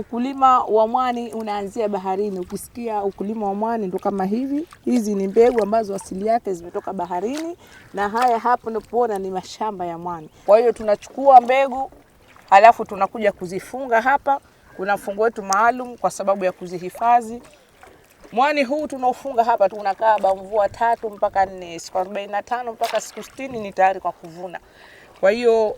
Ukulima wa mwani unaanzia baharini. Ukisikia ukulima wa mwani ndo kama hivi, hizi ni mbegu ambazo asili yake zimetoka baharini, na haya hapo unapoona ni mashamba ya mwani. Kwa hiyo tunachukua mbegu halafu tunakuja kuzifunga hapa. Kuna mfungo wetu maalum kwa sababu ya kuzihifadhi. Mwani huu tunaofunga hapa tunakaa ba bamvua tatu mpaka nne, siku arobaini na tano mpaka siku sitini ni tayari kwa kuvuna. Kwa hiyo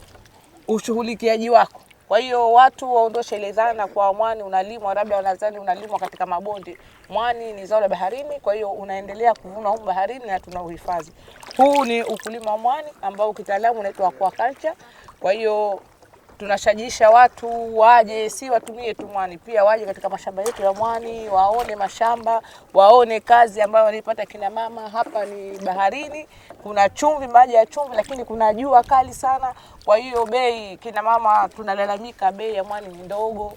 ushughulikiaji wako kwa hiyo watu waondoshe ile dhana kwa mwani unalimwa, labda wanadhani unalimwa katika mabonde. Mwani ni zao la baharini, kwa hiyo unaendelea kuvuna huko baharini na tunauhifadhi. Huu ni ukulima wa mwani ambao kitaalamu unaitwa aquaculture. Kwa hiyo tunashajisha watu waje, si watumie tu mwani, pia waje katika mashamba yetu ya mwani, waone mashamba, waone kazi ambayo wanaipata kina mama. Hapa ni baharini, kuna chumvi, maji ya chumvi, lakini kuna jua kali sana. Kwa hiyo bei, kina mama tunalalamika, bei ya mwani ni ndogo,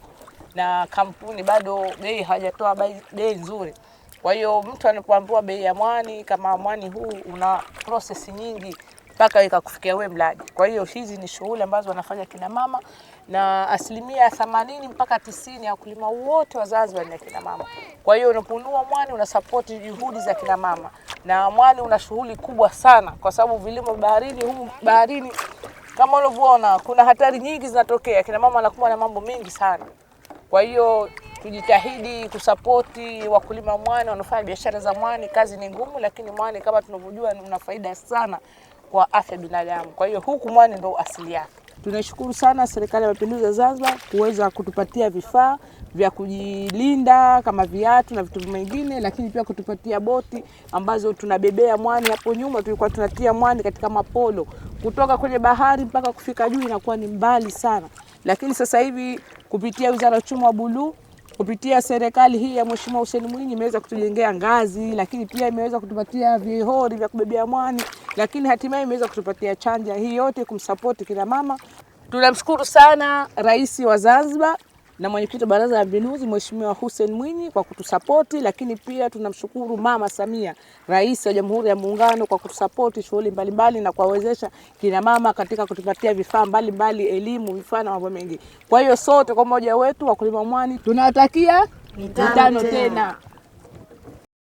na kampuni bado bei hawajatoa bei nzuri. Kwa hiyo mtu anapoambiwa bei ya mwani, kama mwani huu una prosesi nyingi mpaka ikakufikia wewe mlaji. Kwa hiyo hizi ni shughuli ambazo wanafanya kina mama na asilimia themanini mpaka tisini ya wakulima wote wazazi wana kina mama. Kwa hiyo unapunua mwani una support juhudi za kina mama, na mwani una shughuli kubwa sana, kwa sababu vilimo baharini, humu baharini kama unavyoona kuna hatari nyingi zinatokea. Kina mama wanakumbwa na mambo mengi sana, kwa hiyo tujitahidi kusapoti wakulima mwani wanaofanya biashara za mwani. Kazi ni ngumu, lakini mwani kama tunavyojua una faida sana kwa afya binadamu. Kwa hiyo huku mwani ndio asili yake. Tunashukuru sana Serikali ya Mapinduzi ya Zanzibar kuweza kutupatia vifaa vya kujilinda kama viatu na vitu vingine, lakini pia kutupatia boti ambazo tunabebea mwani. Hapo nyuma tulikuwa tunatia mwani katika mapolo, kutoka kwenye bahari mpaka kufika juu inakuwa ni mbali sana, lakini sasa hivi kupitia Wizara ya Uchumi wa Buluu kupitia serikali hii ya Mheshimiwa Hussein Mwinyi imeweza kutujengea ngazi, lakini pia imeweza kutupatia vihori vya kubebea mwani lakini hatimaye imeweza kutupatia chanja hii yote kumsapoti kila mama. Tunamshukuru sana Rais wa Zanzibar na mwenyekiti wa Baraza la Mapinduzi Mheshimiwa Hussein Mwinyi kwa kutusapoti, lakini pia tunamshukuru Mama Samia, Rais wa Jamhuri ya Muungano, kwa kutusapoti shughuli mbalimbali na kuwawezesha kina mama katika kutupatia vifaa mbalimbali, elimu, vifaa na mambo mengi. Kwa hiyo sote kwa umoja wetu wakulima mwani tunawatakia mitano tena.